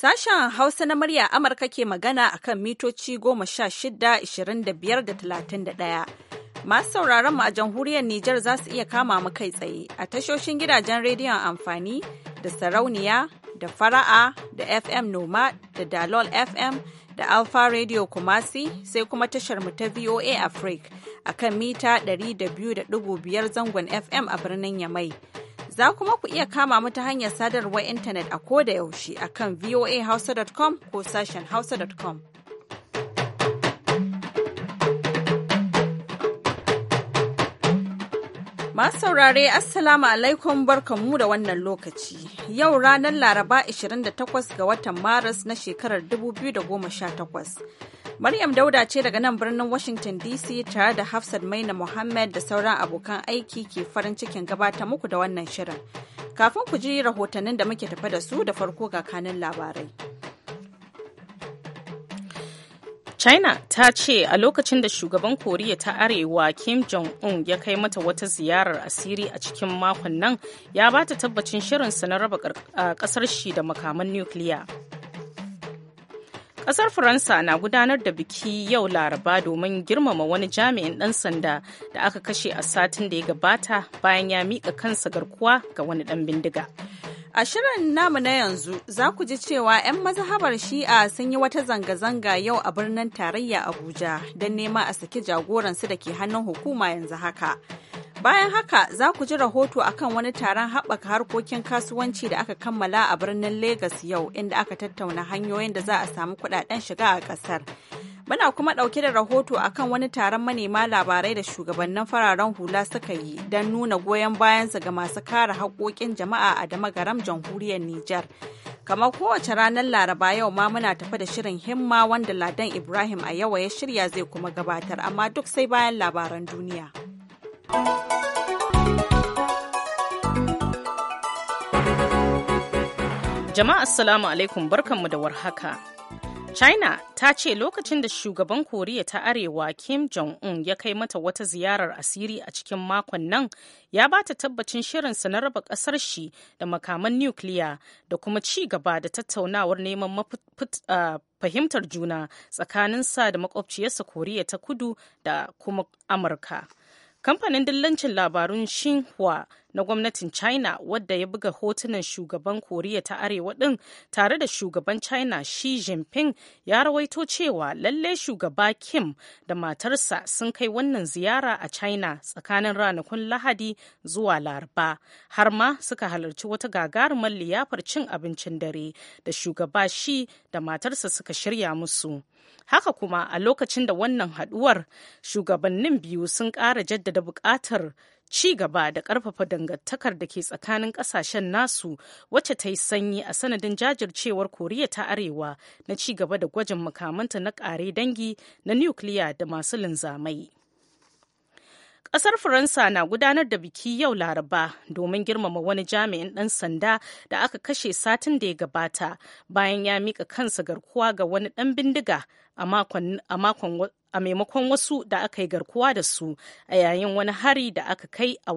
Sashen Hausa na murya Amurka ke magana a kan mitoci goma sha shida, ishirin da biyar da talatin da ɗaya. Masu sauraron mu a jamhuriyar Nijar za su iya kama mu kai tsaye a tashoshin gidajen rediyon amfani da sarauniya da fara'a da FM Noma da Dalol FM da Alpha Radio Kumasi sai kuma tashar mu ta VOA Africa a kan mita 200.5 zangon FM a birnin Yamai. Za kuma ku iya kama mu ta hanyar sadarwar intanet a ko da yaushe a kan voahausa.com ko sashen hausa.com. Masu saurare Assalamu alaikum barkanmu da wannan lokaci. Yau ranar Laraba 28 ga watan Maris na shekarar 2018. Maryam Dauda ce daga nan birnin Washington DC tare da Hafsat Maina Muhammad da sauran abokan aiki ke farin cikin gabata muku da wannan shirin. Kafin ku ji rahotannin da muke tafa da su da farko ga kanin labarai. China ta ce a lokacin da shugaban Koriya ta Arewa Kim Jong-un ya kai mata wata ziyarar asiri a cikin makon nan ya ba ta tabbacin shirinsa na raba kasar shi da makaman nukiliya. Ƙasar Faransa na gudanar da biki yau Laraba domin girmama wani jami'in ɗan sanda da aka kashe a satin da ya gabata bayan ya miƙa kansa garkuwa ga wani ɗan bindiga. A shirin namu na yanzu za ku ji cewa 'yan mazhabar shi'a sun yi wata zanga-zanga yau a birnin tarayya Abuja don nema a saki jagoransu da ke hannun hukuma yanzu haka. Bayan haka za ku ji rahoto a kan wani taron haɓaka harkokin kasuwanci da aka kammala a birnin Legas yau inda aka tattauna hanyoyin da za a samu kuɗaɗen shiga a ƙasar. Muna kuma ɗauke da rahoto a kan wani taron manema labarai da shugabannin fararen hula suka yi don nuna goyon bayansa ga masu kare haƙoƙin jama'a a damagaram jamhuriyar Nijar. Kamar kowace ranar Laraba yau ma muna tafi da shirin himma wanda Ladan Ibrahim a yawa ya shirya zai kuma gabatar amma duk sai bayan labaran duniya. Jama'a Assalamu alaikum barkanmu da warhaka. China ta ce lokacin da shugaban Koriya ta Arewa Kim Jong-un ya kai mata wata ziyarar asiri a cikin makon nan ya ba ta tabbacin shirinsa na raba ƙasar shi da makaman nukiliya da kuma ci gaba da tattaunawar neman fahimtar juna tsakaninsa da makwabciyarsa Koriya ta Kudu da kuma Amurka. kamfanin dillancin labarun Xinhua na gwamnatin China wadda ya buga hotunan shugaban Koriya ta Arewa din tare da shugaban China Xi Jinping ya rawaito cewa lalle shugaba Kim da matarsa sun kai wannan ziyara a China tsakanin ranakun Lahadi zuwa Laraba har ma suka halarci wata gagarumar liyafar cin abincin dare da shugaba shi da matarsa suka shirya musu. Haka kuma a lokacin da wannan haduwar shugabannin biyu sun kara jaddada bukatar. ci gaba da ƙarfafa dangantakar da ke tsakanin ƙasashen nasu wacce ta yi sanyi a sanadin jajircewar koriya ta arewa na ci gaba da gwajin makamanta na ƙare dangi na nukiliya da masu linzamai Ƙasar Faransa na gudanar da biki yau Laraba domin girmama wani jami'in ɗan sanda da aka kashe satin da ya gabata bayan ya mika kansa garkuwa ga wani ɗan bindiga a maimakon wasu da aka yi garkuwa da su a yayin wani hari da aka kai a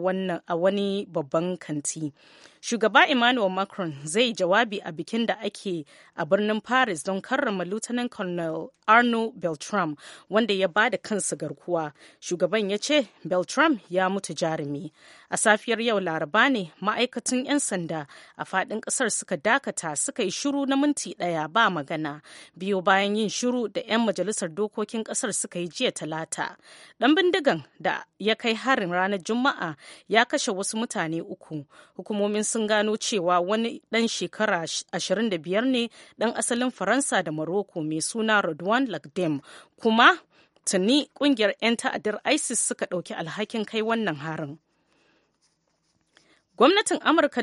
wani babban kanti. Shugaba Emmanuel Macron zai jawabi a bikin da ake a birnin Paris don karrama Lieutenant Colonel Arno Beltram wanda ya ba da kansa garkuwa. Shugaban ya ce Beltram ya mutu jarumi. a safiyar yau laraba ne ma'aikatan 'yan sanda a fadin kasar suka dakata suka yi shiru na minti daya ba magana biyo bayan yin shiru da 'yan majalisar dokokin kasar suka yi jiya talata dan bindigan da ya kai harin ranar juma'a ya kashe wasu mutane uku hukumomin sun gano cewa wani dan shekara 25 ne dan asalin faransa da maroko mai suna rodwan lagdem kuma tuni kungiyar 'yan ta'addar isis suka dauki alhakin kai wannan harin Gwamnatin Amurka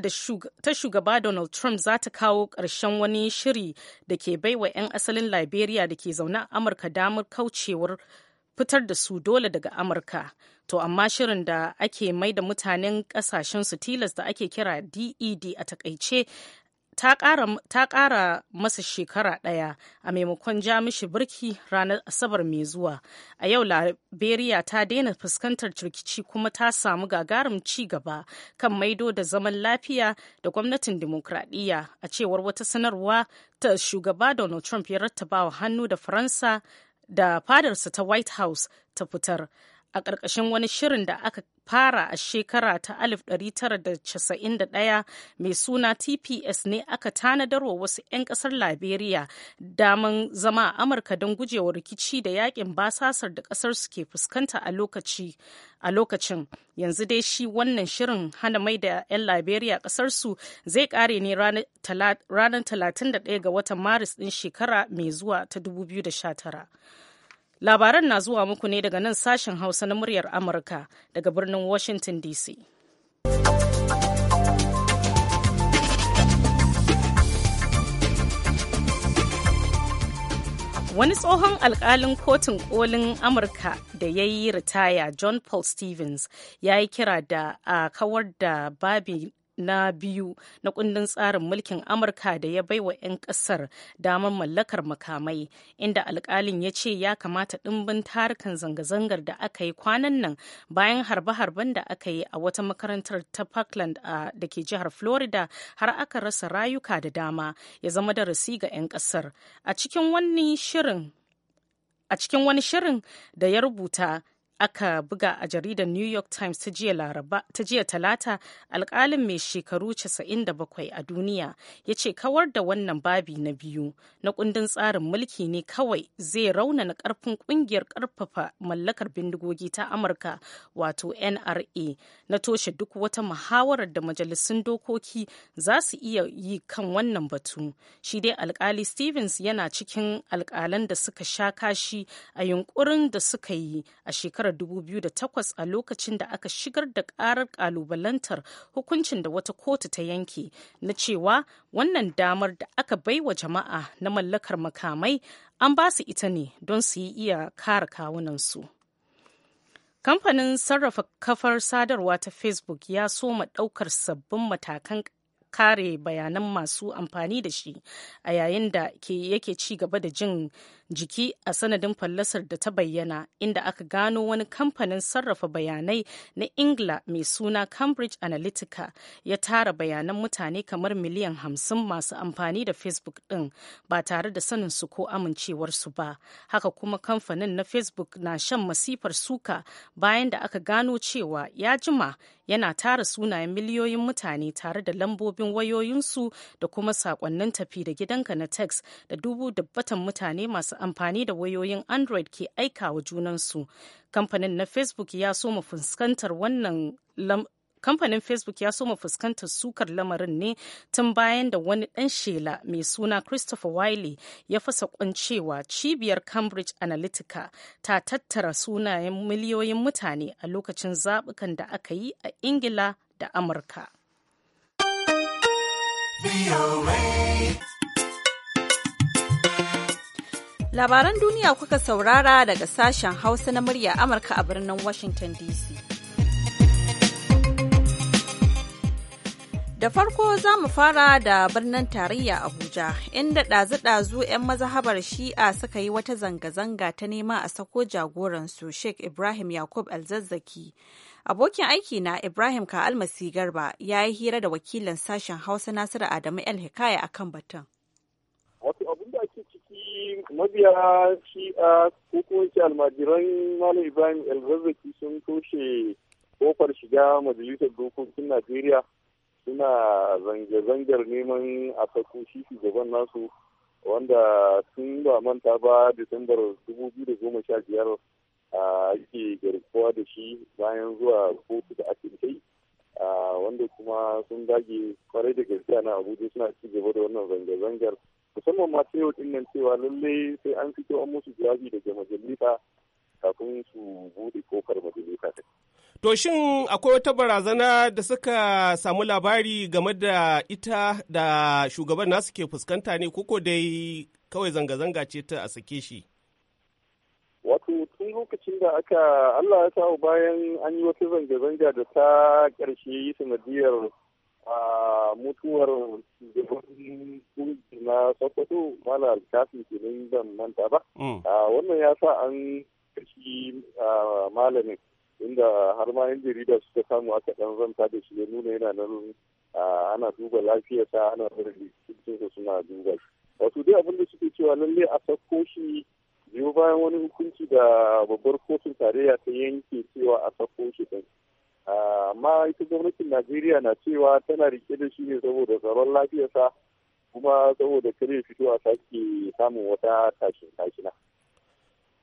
ta shugaba Donald Trump za ta kawo ƙarshen wani shiri da ke baiwa 'yan asalin Liberia da ke zaune a Amurka damar kaucewar fitar da su dole daga Amurka. To amma shirin da ake mai da mutanen kasashen su tilas da ake kira DED e a takaice ta ƙara masa shekara ɗaya a maimakon ja birki ranar asabar mai zuwa a yau liberia ta daina fuskantar rikici kuma ta samu gagarum ci gaba kan maido da zaman lafiya da gwamnatin demokradiyya a cewar wata sanarwa ta shugaba donald trump ya rattaba wa hannu da faransa da fadarsa ta white house ta fitar a ƙarƙashin wani shirin da aka fara a shekara ta 1991 mai suna TPS ne aka tanadar wa wasu 'yan ƙasar Liberia daman zama a Amurka don gujewa rikici da yakin basasar da ƙasar suke fuskanta a lokaci a lokacin yanzu dai shi wannan shirin hana mai da 'yan Liberia ƙasarsu zai ƙare ne ranar 31 ga watan Maris ɗin shekara mai zuwa ta 2019. Labaran na zuwa muku ne daga nan sashen Hausa na muryar Amurka daga birnin Washington DC. Wani tsohon alkalin kotun kolin Amurka da ya yi ritaya John Paul Stevens ya yi kira da a kawar da babi na biyu na kundin tsarin mulkin amurka da ya baiwa 'yan kasar damar mallakar makamai inda alkalin ya ce ya kamata ɗimbin tarukan zanga-zangar da aka yi kwanan nan bayan harbe-harben da aka yi a wata makarantar ta parkland da ke jihar florida har aka rasa rayuka da dama ya zama darasi ga 'yan kasar a cikin wani shirin da ya rubuta aka buga a jaridar new york times ta jiya talata alƙalin mai shekaru 97 a duniya ya ce kawar da wannan babi na biyu na kundin tsarin mulki ne kawai zai raunana ƙarfin kungiyar ƙarfafa mallakar bindigogi ta amurka wato nra na toshe duk wata muhawarar da majalisun dokoki za su iya yi kan wannan batu shi dai alkali stevens yana cikin alkalan da suka sha kashi a yunkurin da suka yi a shekarar shekarar 2008 a lokacin da aka shigar da karar kalubalantar hukuncin da wata kotu ta yanke na cewa wannan damar da aka baiwa jama'a na mallakar makamai an ba su ita ne don su yi iya kare kawunansu. Kamfanin sarrafa kafar sadarwa ta Facebook ya soma ɗaukar sabbin matakan kare bayanan masu amfani da shi a yayin da yake ci gaba da jin jiki a sanadin fallasar da ta bayyana inda aka gano wani kamfanin sarrafa bayanai na ingila mai suna cambridge analytica ya tara bayanan mutane kamar miliyan hamsin masu amfani da facebook din ba tare da sanin su ko amincewarsu ba haka kuma kamfanin na facebook na shan masifar suka bayan da aka gano cewa ya jima yana tara sunayen miliyoyin mutane tare da lambobin wayoyinsu da kuma saƙonnin tafi da gidanka na tex da dubu dabbatan mutane masu amfani da wayoyin android ke aika wa junansu kamfanin na facebook ya soma fuskantar wannan kamfanin facebook ya soma fuskantar sukar lamarin ne tun bayan da wani ɗan shela mai suna christopher wiley ya fasa kwancewa cibiyar cambridge analytica ta tattara sunayen miliyoyin mutane a lokacin zabukan da aka yi a ingila da amurka. Labaran duniya kuka saurara daga sashen Hausa na murya Amurka a birnin Washington DC. Da farko za mu fara da birnin tarayya Abuja, inda ɗazu-ɗazu 'yan mazhabar shi'a suka yi wata zanga-zanga ta nema a sako jagoransu Sheikh Ibrahim Yakub Alzazzaki. Abokin aiki na Ibrahim Ka'almasi Garba ya yi hira da wakilin sashen Hausa Nasiru Adamu El Hikaya a kan batun. mabiya shi a kuma almajiran malam ibrahim elzazzaki sun toshe kofar shiga majalisar dokokin najeriya suna zanga-zangar neman a sako shi shugaban nasu wanda sun ba manta ba disambar 2015 a ake garkuwa da shi bayan zuwa kotu da ake kai wanda kuma sun dage kwarai da gaske na abuja suna ci gaba da wannan zanga-zangar musamman ma ta yau nan cewa lalle sai an fito an musu jawabi daga majalisa kafin su bude kofar majalisa ta. To shin akwai wata barazana da suka samu labari game da ita da shugaban nasu ke fuskanta ne koko dai kawai zanga-zanga ce ta a sake shi? Wato tun lokacin da aka Allah ya sa bayan an yi wata zanga-zanga da ta ƙarshe sanadiyar a mutuwar jihohin kurji na sokoto alkafi kenan ban manta ba mm. wannan ya sa an kashi malamin inda har ma yan jarida suka samu aka dan zanta da shi ya nuna yana nan ana duba lafiyarsa ana rarrabe cikinsa suna duba shi wato dai abin da suke cewa lalle a sako shi biyu bayan wani hukunci da babbar kotun tarayya ta yanke cewa a sako shi Ah, amma ita gwamnatin najeriya na cewa tana rike da shi ne saboda tsaron lafiyarsa kuma saboda kare fitowa a sake samun wata tashin tashina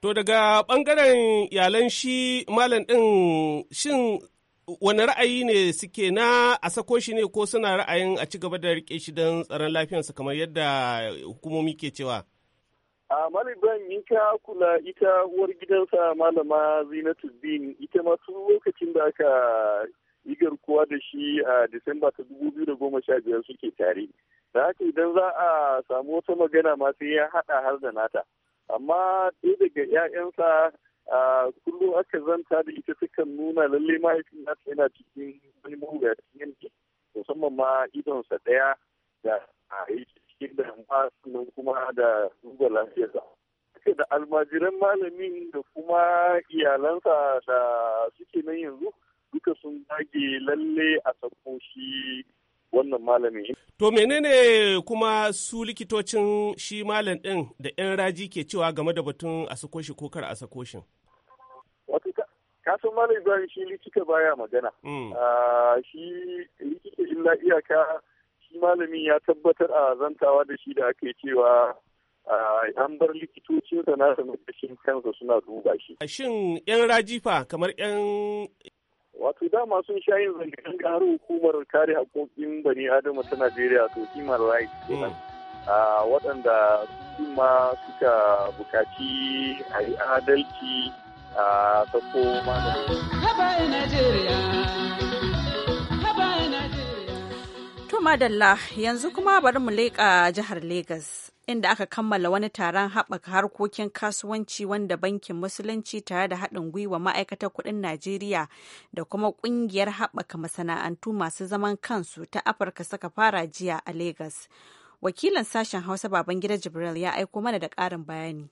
to daga bangaren iyalan shi malam din shin wani ra'ayi ne suke na a sako shi ne ko suna ra'ayin a ci gaba da rike shi don tsaron lafiyarsa kamar yadda hukumomi ke cewa a maliban in ka kula ita uwar gidansa malama zinatu bin ita ma lokacin da aka yi garkuwa da shi a disamba ta dubu biyu da goma sha biyar suke tare da haka idan za a samu wata magana ma sai ya haɗa har da nata amma ɗaya daga 'ya'yansa a kullum aka zanta da ita sukan nuna lalle mahaifin nata yana cikin wani mawuyacin yanki musamman ma idonsa ɗaya da a da yamma kuma da duba lafiyarsa. Suke da almajiran malamin da kuma iyalansa da suke nan yanzu duka sun dage lalle a sako shi wannan malami. To menene kuma su likitocin shi malam ɗin da 'yan raji ke cewa game da batun a sako ko kar a sako kasan malam ibrahim shi likita baya magana mm. ah, shi likita illa iyaka shi malamin ya tabbatar a zantawa da shi da aka yi cewa an bar likitocin sana da makashin kansa suna duba shi. Shin 'yan rajifa kamar 'yan Wato dama sun sha yin zanga har hukumar kare haƙoƙin bani Adama ta Najeriya to human rights hmm. kenan. Waɗanda su ma suka buƙaci a yi adalci a sako malamin. Najeriya. To madalla yanzu kuma bari mu leƙa jihar Legas inda aka kammala wani taron haɓaka harkokin kasuwanci wanda bankin musulunci tare da haɗin gwiwa ma'aikatar kuɗin Najeriya da kuma ƙungiyar haɓaka masana'antu masu zaman kansu ta Afirka suka fara jiya a Legas. Wakilin sashen Hausa Babangida Jibril ya aiko mana da ƙarin bayani.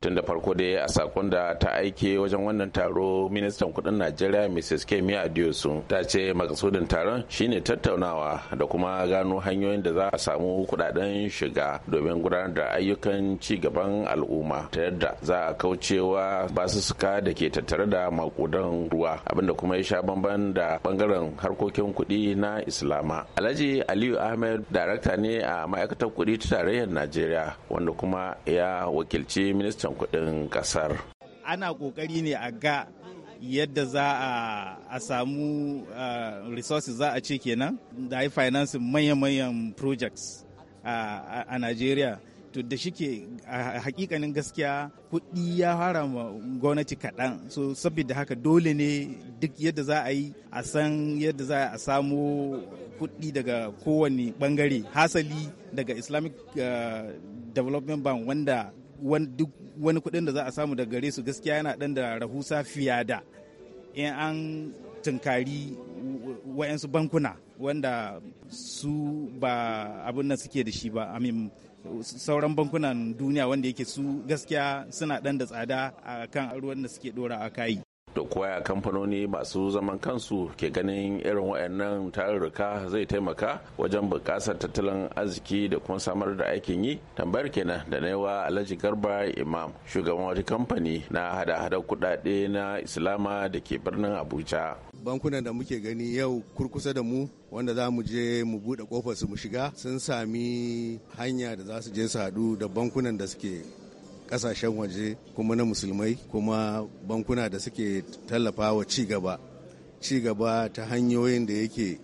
tun da farko dai a sakon da ta aike wajen wannan taro ministan kudin najeriya mrs kemi adiosu ta ce makasudin taron shine tattaunawa da kuma gano hanyoyin da za a samu kudaden shiga domin gudanar da ayyukan ci gaban al'umma ta yadda za a kaucewa suka da ke tattare da makudan ruwa abinda kuma ya sha bamban da bangaren harkokin kuɗi na islama alhaji aliyu ahmed darakta ne a ma'aikatar kuɗi ta tarayyar najeriya wanda kuma ya wakilci ministan rahoton kuɗin ƙasar. Ana ƙoƙari ne a ga yadda za a samu resources za a ce kenan da yi financing manyan-manyan projects a Najeriya. to da shike a hakikanin gaskiya kuɗi ya fara ma gwamnati kaɗan so saboda haka dole ne duk yadda za a yi a san yadda za a samu kuɗi daga kowane ɓangare hasali daga islamic eh, development bank wanda duk wani kuɗin da za a samu daga gare su gaskiya yana ɗan da rahusa fiya da in an tunkari wayansu bankuna wanda su ba abin nan suke da shi ba amin sauran bankunan duniya wanda yake su gaskiya suna ɗan da tsada a kan ruwan da suke ɗora a kayi to koya kamfanoni masu zaman kansu ke ganin irin waɗannan tarurruka zai taimaka wajen bukasar tattalin arziki da kuma samar da aikin yi tambayar kenan da na naiwa alhaji garba imam shugaban wata kamfani na hada hada kudade na islama da ke birnin abuja bankunan da muke gani yau kurkusa da mu wanda za mu je mu buɗe kofar su mu shiga sun sami hanya da za su je su haɗu da bankunan da suke kasashen waje kuma na musulmai kuma bankuna da suke tallafa wa cigaba cigaba ta hanyoyin da yake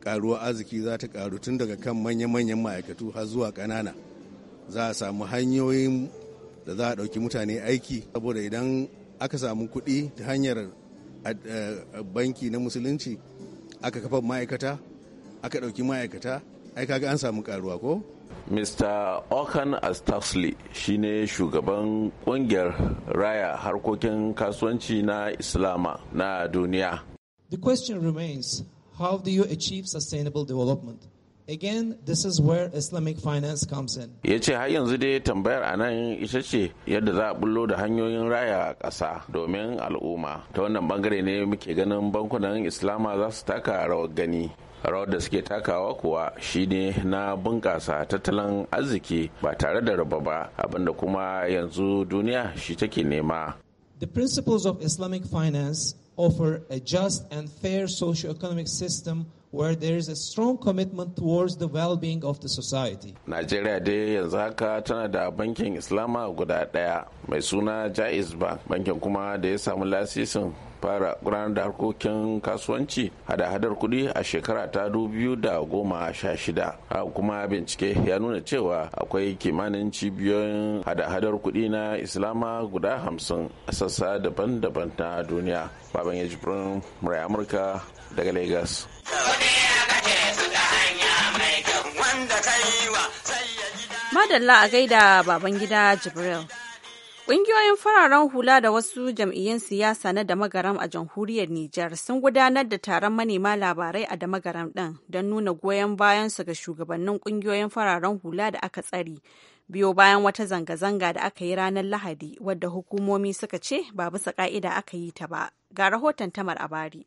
karuwa arziki za ta karu tun daga kan manya-manyan ma'aikatu har zuwa kanana za a samu hanyoyin da za a ɗauki mutane aiki saboda idan aka samu kuɗi ta hanyar eh, eh, banki na musulunci aka kafa ma'aikata aka ɗauki ma'aikata ai kaga an samu karuwa ko Mr. Okan Astaxley shine shugaban kungiyar raya harkokin kasuwanci na Islama na duniya. The question remains, how do you achieve sustainable development? Again, this is where Islamic finance comes in. Ya ce har yanzu dai tambayar a nan ita ce yadda za a bullo da hanyoyin raya a ƙasa domin al'umma. Ta wannan bangare ne muke ganin bankunan Islama za su taka rawar gani rawar da suke takawa kuwa shine na bunƙasa tattalin arziki ba tare da raba ba abinda kuma yanzu duniya shi take nema the principles of islamic finance offer a just and fair socio-economic system where there is a strong commitment towards the well-being of the society. Najeriya dai yanzu haka tana da bankin Islama guda ɗaya mai suna Jaiz Bank, bankin kuma da ya samu lasisin fara gudanar da harkokin kasuwanci hada-hadar kuɗi a shekara ta da goma sha shida kuma bincike ya nuna cewa akwai kimanin cibiyoyin hada-hadar kuɗi na islama guda hamsin a sassa daban-daban na duniya baban ya jibirin murai amurka daga Lagos. Madalla a gaida babangida Jibril. Ƙungiyoyin fararen hula da wasu jam'iyyun siyasa na damagaram a jamhuriyar Nijar sun gudanar da taron manema labarai a damagaram ɗin don nuna goyon bayansu ga shugabannin ƙungiyoyin fararen hula da aka tsari Biyo bayan wata zanga-zanga da aka yi ranar Lahadi wadda hukumomi suka ce ba bisa ka'ida aka yi ta ba. Ga rahoton Tamar Abari.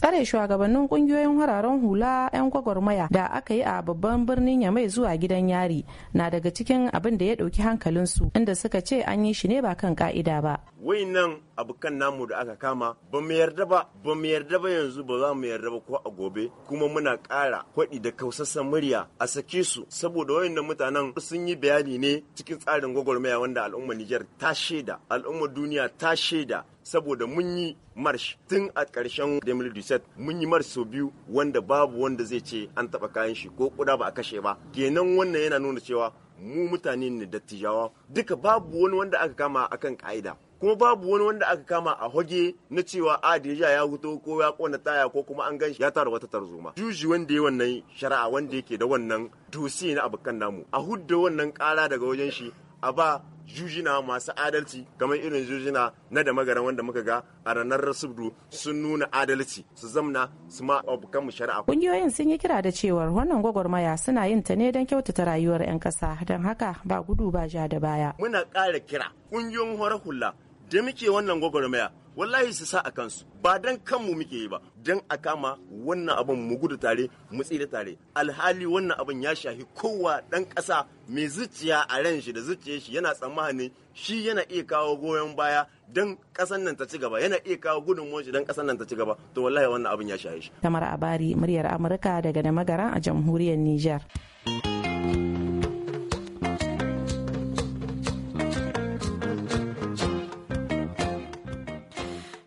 tsare shugabannin kungiyoyin hararen hula 'yan gwagwarmaya da aka yi a babban birnin yamai zuwa gidan yari na daga cikin abin da ya ɗauki hankalinsu inda suka ce an yi shi ne ba kan ka'ida ba wayannan abokan namu da aka kama ba mu yarda ba ba mu yarda ba yanzu ba za mu yarda ba ko a gobe kuma muna ƙara kwaɗi da kausassan murya a sake su saboda wayannan mutanen sun yi bayani ne cikin tsarin gwagwarmaya wanda al'ummar Nijar ta shaida al'ummar duniya ta shaida saboda mun yi marsh tun a ƙarshen 2017 mun yi marsh sau biyu wanda babu wanda zai ce an taɓa kayan shi ko kuda ba a kashe ba kenan wannan yana nuna cewa mu mutane ne dattijawa duka babu wani wanda aka kama akan ka'ida kuma babu wani wanda aka kama a hoge na cewa a ya huto ko ya kona taya ko kuma an gan ya tara wata tarzoma juji wanda ya wannan shari'a wanda yake da wannan dosi na abokan namu a hudda wannan kara daga wajen shi a ba jujina masu adalci kamar irin jujina na da magaran wanda muka ga a ranar rasubdu sun nuna adalci su zamna su ma abokan shari'a. Kungiyoyin sun yi kira da cewar wannan gwagwarmaya suna yin ta ne don kyautata rayuwar 'yan ƙasa don haka ba gudu ba ja da baya. Muna ƙara kira kungiyoyin horar hula da muke wannan gwagwarmaya wallahi su sa a kansu ba dan kanmu muke yi ba dan a kama wannan abin mu gudu tare mu tsira tare alhali wannan abin ya shahi kowa dan ƙasa mai zuciya a ran shi da zuciyar shi yana tsammani shi yana iya kawo goyon baya dan ƙasan nan ta ci gaba yana iya kawo gudunmuwar shi dan ƙasan nan ta ci gaba to wallahi wannan abin ya shahi shi tamar abari muryar amurka daga da magara a jamhuriyar niger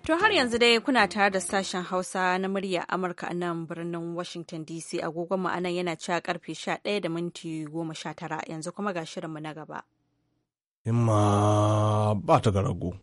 To har yanzu dai kuna tare da sashen Hausa na murya Amurka a nan birnin Washington DC agogon mu anan yana cewa karfe 11 da minti 19 yanzu kuma ga shirinmu na gaba. Imma ba ta garago.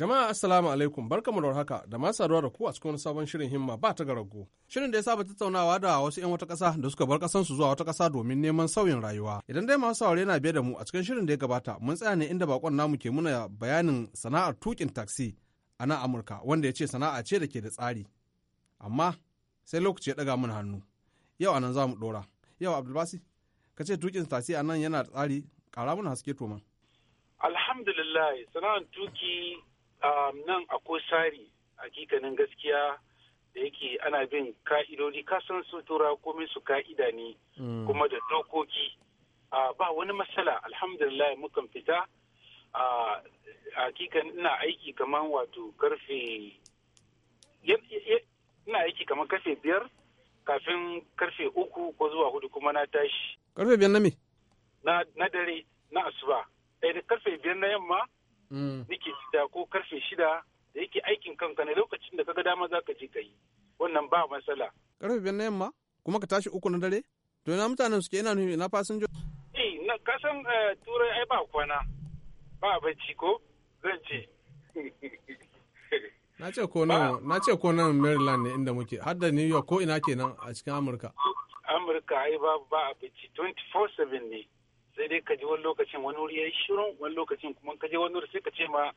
Jama'a assalamu alaikum barkamu da haka da masu saduwa da ku a cikin sabon shirin himma ba ta garago. Shirin da ya saba tattaunawa da wasu 'yan wata ƙasa da suka bar ƙasansu zuwa wata ƙasa domin neman sauyin rayuwa. Idan dai masu saurare na biye da mu a cikin shirin da ya gabata mun tsaya ne inda bakon namu ke muna bayanin sana'ar tukin taxi a nan Amurka wanda ya ce sana'a ce da ke da tsari. Amma sai lokaci ya ɗaga mun hannu. Yau anan za mu ɗora. Yau Abdulbasi ka ce tukin taxi a nan yana da tsari ƙara mun haske to man. Alhamdulillah sana'ar tuki Um, nan akwai tsari hakikanin gaskiya da yake ana bin ka'idodi kasan su tura komai su ka'ida ne mm. kuma da dokoki ba wani matsala alhamdulillah mukan fita a hakikan ina aiki kamar wato karfe ina aiki kamar karfe biyar kafin karfe uku ko zuwa hudu kuma na tashi karfe biyar na me na dare na asuba da eh, karfe biyar na yamma Mm. nike shida ko karfe shida da yake aikin kanka ne lokacin da kaga dama zaka je ka yi wannan ba matsala karfe biyar na yamma kuma ka tashi uku na dare to ina mutanen suke ina nuni na fasinjo eh na kasan eh, turai ai ba kwana ba bacci ko zan ce na ce ko nan na ce ko nan Maryland ne inda muke har da New York ko ina kenan a cikin Amurka Amurka ai ba ba abinci 24/7 ne sai dai ka ji wani lokacin wani wuri ya yi shirin wani lokacin kuma ka je wani wuri sai ka ce ma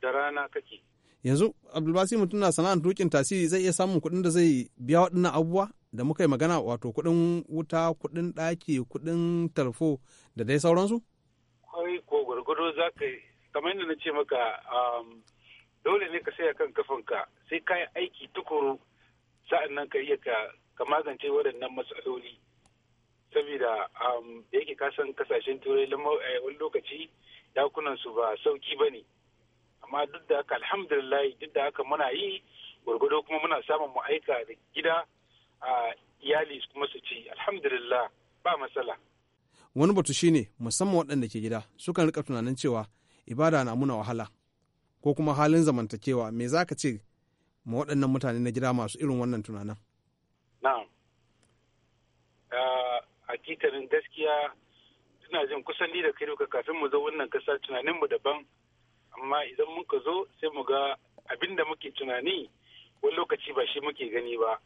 da rana kake. Yanzu Abdulbasi mutum na sana'ar tukin tasiri zai iya samun kuɗin da zai biya waɗannan abubuwa da muka yi magana wato kuɗin wuta kuɗin ɗaki kuɗin tarfo da dai sauransu? Kwai ko gwargwado za ka yi kamar yadda na ce maka um, dole ne ka saya kan ka sai ka yi aiki tukuru sa'an nan ka iya ka magance waɗannan matsaloli. saboda um, da yake kasan kasashen turai a eh, wani lokaci dakunan su ba sauki ba ne amma duk da haka alhamdulillah duk da haka muna yi gwargwado kuma muna samun mu aika da gida a iyali kuma su ci alhamdulillah ba matsala wani batu shine musamman waɗanda ke gida sukan rika tunanin cewa ibada na muna wahala ko kuma halin zamantakewa me za ka ce ma waɗannan mutane na gida masu irin wannan tunanin na'am hakikanin gaskiya ina jin kusan ni da kai duka kafin mu zo wannan kasa tunanin mu daban amma idan muka zo sai mu ga abin da muke tunani wani lokaci ba shi muke gani ba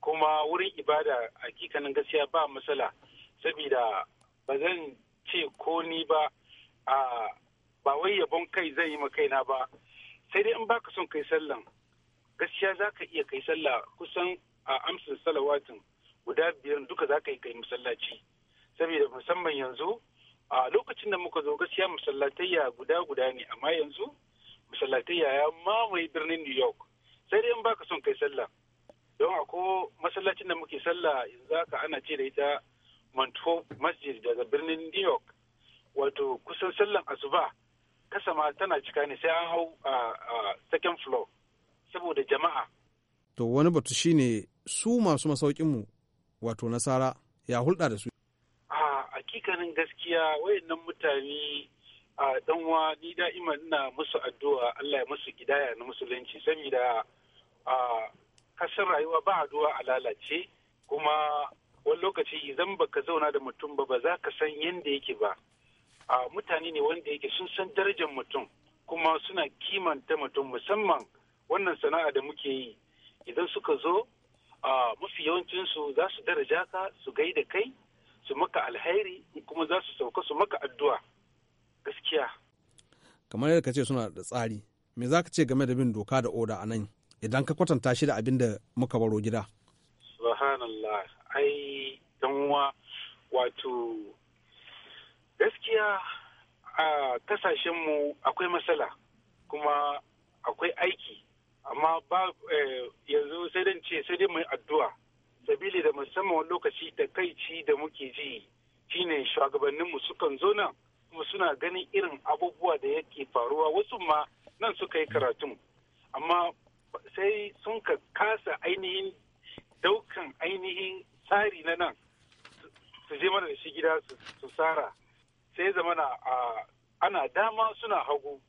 kuma wurin ibada hakikanin gaskiya ba matsala saboda ba zan ce ko ni ba a ba wai yabon kai zan yi ma na ba sai dai in baka son kai sallan gaskiya za ka iya kai sallah kusan a amsar salawatin guda biyar duka za ka yi kai masallaci saboda musamman yanzu a lokacin da muka zo gaskiya masallatayya guda guda ne amma yanzu masallatayya ya mamaye birnin new york sai dai in baka son kai sallah don ako masallacin da muke sallah yanzu haka ana ce da ita manto masjid daga birnin new york wato kusan sallan asuba kasa ma tana cika ne sai an hau a second floor saboda jama'a to wani batu shine su masu masaukinmu wato nasara ya hulɗa da su a hakikanin gaskiya wayannan mutane a ɗanwa ni da'ima ina musu addu'a Allah ya musu gidaya na musulunci saboda a kasar rayuwa ba addu'a a lalace kuma wani lokaci idan baka zauna da mutum ba ba za ka san yadda yake ba a mutane ne wanda yake sun san darajar mutum kuma suna kimanta mutum musamman wannan sana'a da muke yi idan suka zo A mafi yawancinsu za su daraja ka su gaida kai su maka alheri kuma za su sauka su maka addu'a gaskiya kamar yadda ka ce suna da tsari me za ka ce game da bin doka da oda a nan idan ka kwatanta shi da abin da muka baro gida subhanallah ai wato gaskiya a kasashenmu akwai matsala kuma akwai aiki amma ba eh, yanzu sai dan ce sai dai mai addu'a sabili da musamman lokaci da kai ci da muke ji shine shugabanninmu sukan zo nan kuma suna ganin irin abubuwa da yake faruwa wasu ma nan suka yi karatun amma sai sun ka kasa ainihin daukan ainihin tsari na nan su je mana da shi gida su tsara sai zamana ana dama suna hagu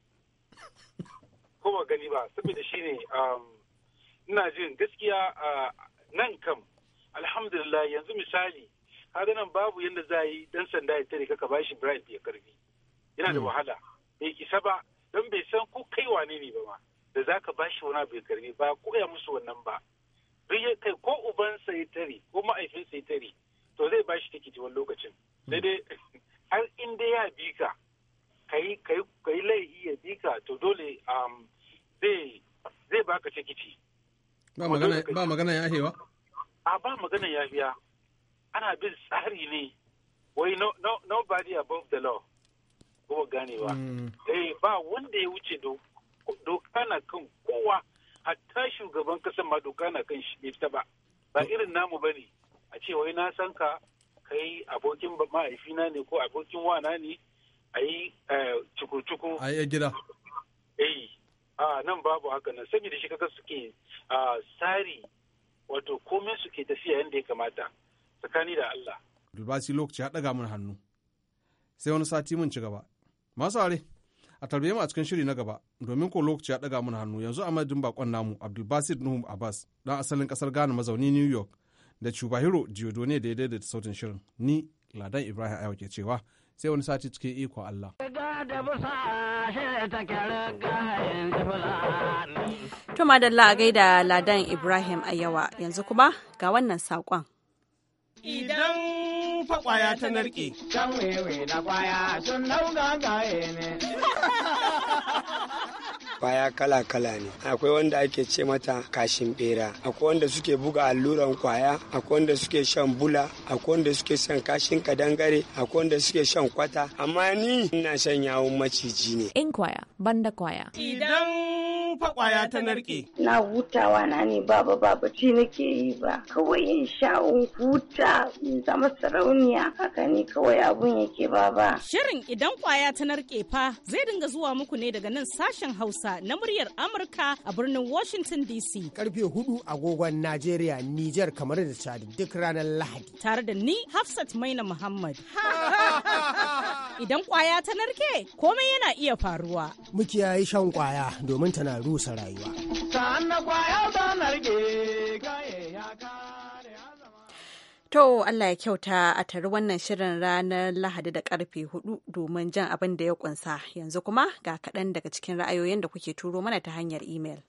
koma gani ba saboda shine um, ina jin gaskiya nan kam alhamdulillah yanzu misali kaga nan babu yadda za yi dan sanda ya tare ka bashi bribe ya karbi yana da hmm. wahala bai kisa ba don bai san ko kai wane ne ba ma da za ka bashi wani abu ya karbi ba koya musu wannan ba duk ya kai ko ubansa ya tare ko ma'aifinsa ya tare to zai ba shi tikiti wani lokacin sai dai har in dai ya bi ka kai kai laifi ya bi to dole um, zai baka tikiti ba magana ba magana ya hewa a ba magana ya biya ana bin tsari ne wai nobody above the law kuma ganewa mm. eh ba wanda ya wuce doka na kan kowa hatta shugaban kasan ma doka na kan shi ta ba ba irin namu bane a ce wai na san ka kai abokin mahaifina ne ko abokin wana ne a yi eh, cuku-cuku a yi gida yi eh, a nan babu haka nan saboda shi kaga suke tsari wato komai suke tafiya yadda ya kamata tsakani da Allah dubasi lokaci ya daga mun hannu sai wani sati mun ci gaba masu are a tarbe mu a cikin shiri na gaba domin ko lokaci ya daga mun hannu yanzu a madadin bakon namu Abdulbasir Nuhu Abbas dan asalin kasar Ghana mazauni New York da Chubahiro daidai da ya daidaita sautin shirin ni Ladan Ibrahim Ayo ke cewa sai wani sati cikin iko Allah. To madalla a gaida Ladan Ibrahim Ayawa yanzu kuma ga wannan saƙon. Idan fa kwaya ta narke. Can wewe na kwaya sun nauga gaye ne. kwaya kala-kala ne akwai wanda ake ce mata kashin bera akwai wanda suke buga alluran kwaya akwai wanda suke shan bula akwai wanda suke shan kashin kadangare akwai wanda suke shan kwata amma ni ina shan yawon maciji ne in kwaya banda kwaya idan fa kwaya ta narke na hutawa na ne baba baba ci nake yi ba kawai in sha huta in zama sarauniya haka ne kawai abun yake baba shirin idan kwaya ta narke fa zai dinga zuwa muku ne daga nan sashen hausa na muryar Amurka a birnin Washington DC. Karfe hudu agogon Najeriya, Nijar kamar da Chad duk ranar Lahadi. Tare da ni Hafsat Maina Muhammad. Idan kwaya ta narke, komai yana iya faruwa. Mukiyayi shan kwaya domin tana rusa rayuwa. Sa'an na kwaya ta narke. To Allah ya kyauta a tari wannan shirin ranar Lahadi da karfe hudu domin jan abin da ya kunsa. Yanzu kuma ga kaɗan daga cikin ra'ayoyin da kuke turo mana ta hanyar imel.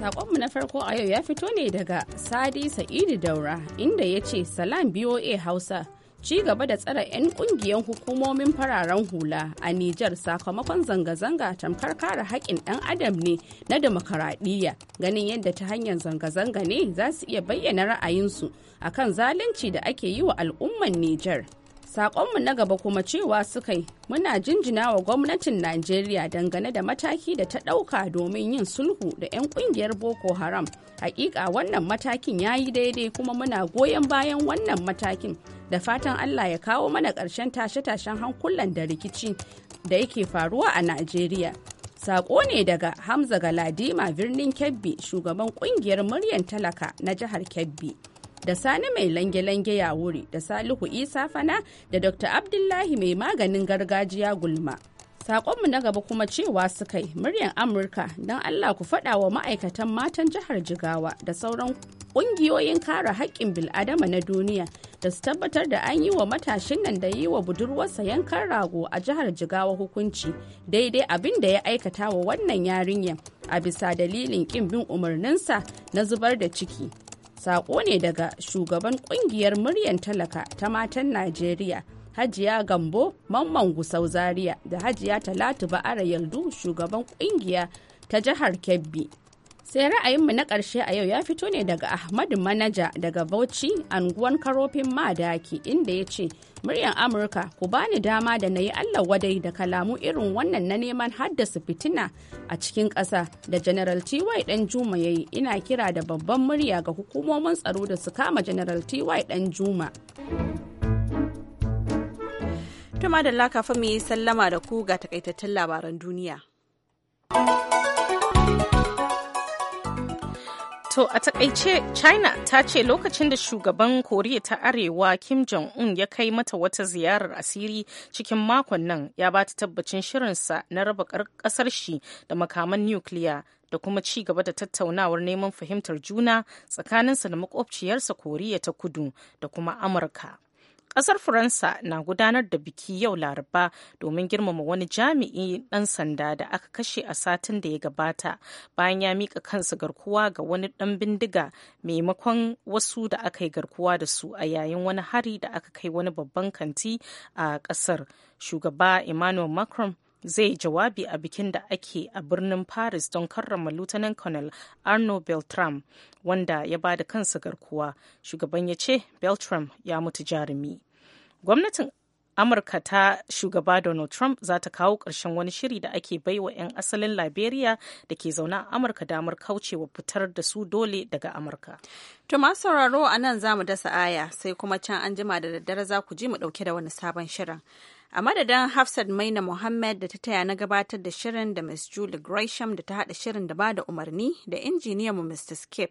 Sakonmu na farko a yau ya fito ne daga Sadi Sa'idu Daura inda ya ce Salam BOA Hausa. ci gaba da tsare 'yan kungiyar hukumomin fararen hula a Nijar sakamakon zanga-zanga tamkar kare haƙƙin ɗan adam ne na demokaradiyya ganin yadda ta hanyar zanga-zanga ne za su iya bayyana ra'ayinsu akan zalunci da ake yi wa al'umman Nijar. Sakonmu na gaba kuma cewa suka yi muna jinjina wa gwamnatin Najeriya dangane da mataki da ta ɗauka domin yin sulhu da 'yan ƙungiyar Boko Haram. Hakika wannan matakin ya yi daidai kuma muna goyon bayan wannan matakin da fatan Allah ya kawo mana ƙarshen tashe-tashen hankulan da rikici da yake faruwa a Najeriya. Sako ne daga Hamza Galadima birnin Kebbi shugaban ƙungiyar muryan talaka na jihar Kebbi. da sani mai lange-lange ya wuri da salihu isa fana da dr abdullahi mai maganin gargajiya gulma saƙonmu na gaba kuma cewa su yi muryar amurka don allah ku faɗa wa ma'aikatan matan jihar jigawa da sauran ƙungiyoyin kare haƙƙin bil'adama na duniya da su tabbatar da an yi wa matashin nan da yi wa budurwarsa yankan rago a jihar jigawa hukunci daidai abin da ya aikata wa wannan yarinyar a bisa dalilin ƙin bin umarninsa na zubar da ciki Sako ne daga shugaban kungiyar muryan talaka ta matan Najeriya Hajiya Gambo Mamman Gusau Zaria da Hajiya Talatu Ba'ara Yaldu shugaban kungiya ta jihar Kebbi. sai ra'ayinmu na ƙarshe a yau ya fito ne daga ahmadu manaja daga bauchi anguwan karofin madaki inda ya ce muryan amurka ku bani dama da na yi allah wadai da kalamu irin wannan na neman haddasa fitina a cikin ƙasa da general ty dan juma ya yi ina kira da babban murya ga hukumomin tsaro da su kama general ty dan juma tuma da laka fa mu yi sallama da ku ga takaitattun labaran duniya. To a takaice China ta ce lokacin da shugaban Koriya ta Arewa Kim Jong-un ya kai mata wata ziyarar asiri cikin makon nan ya ba ta tabbacin shirinsa na raba kasar shi da makaman nukiliya da kuma ci gaba da tattaunawar neman fahimtar juna tsakaninsa da makwabciyarsa Koriya ta Kudu da kuma Amurka. kasar Faransa na gudanar da biki yau Laraba domin girmama wani jami'i dan sanda da aka kashe a satin da ya gabata bayan ya mika kansa garkuwa ga wani dan bindiga maimakon wasu da aka yi garkuwa da su a yayin wani hari da aka kai wani babban kanti a kasar Shugaba Emmanuel Macron zai jawabi a bikin da ake a birnin paris don karrama lieutenant colonel arno beltram wanda ya ba da kansa garkuwa shugaban ya ce beltram ya mutu jarumi gwamnatin amurka ta shugaba donald trump za ta kawo ƙarshen wani shiri da ake bai wa 'yan asalin liberia da ke zaune a amurka damar kaucewa fitar da su dole daga amurka to masu sauraro a nan za mu dasa aya sai kuma can an jima da daddare za ku ji mu ɗauke da wani sabon shirin a madadin hafsat maina muhammad da ta taya na gabatar da shirin da miss julie gresham da ta haɗa shirin da ba da umarni da injiniyan mu mr skip